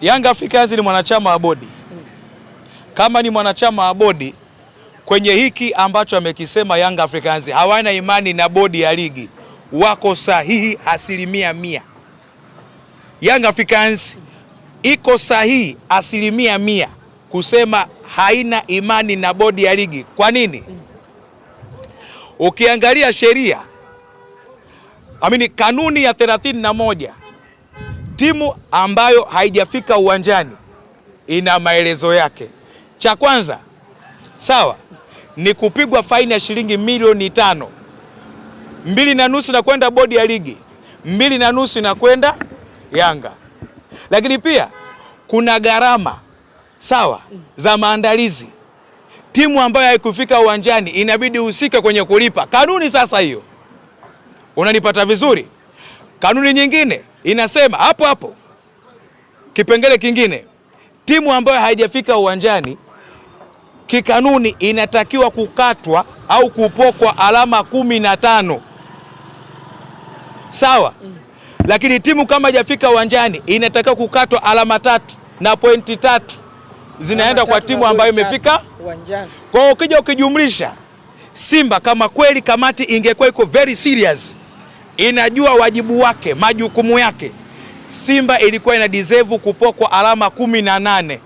Young Africans ni mwanachama wa bodi. Kama ni mwanachama wa bodi, kwenye hiki ambacho amekisema Young Africans hawana imani na bodi ya ligi, wako sahihi asilimia mia. Young Africans iko sahihi asilimia mia kusema haina imani na bodi ya ligi. Kwa nini? Ukiangalia sheria amini, kanuni ya thelathini na moja timu ambayo haijafika uwanjani ina maelezo yake. Cha kwanza, sawa, ni kupigwa faini ya shilingi milioni tano. Mbili na nusu na kwenda bodi ya ligi, mbili na nusu na kwenda Yanga. Lakini pia kuna gharama sawa za maandalizi. Timu ambayo haikufika uwanjani inabidi uhusike kwenye kulipa. Kanuni sasa hiyo, unanipata vizuri? Kanuni nyingine inasema hapo hapo kipengele kingine, timu ambayo haijafika uwanjani kikanuni inatakiwa kukatwa au kupokwa alama kumi na tano sawa, lakini timu kama haijafika uwanjani inatakiwa kukatwa alama tatu na pointi tatu zinaenda kwa timu ambayo imefika uwanjani. Kwa hiyo ukija ukijumlisha Simba, kama kweli kamati ingekuwa iko very serious inajua wajibu wake, majukumu yake. Simba ilikuwa ina deserve kupokwa alama kumi na nane.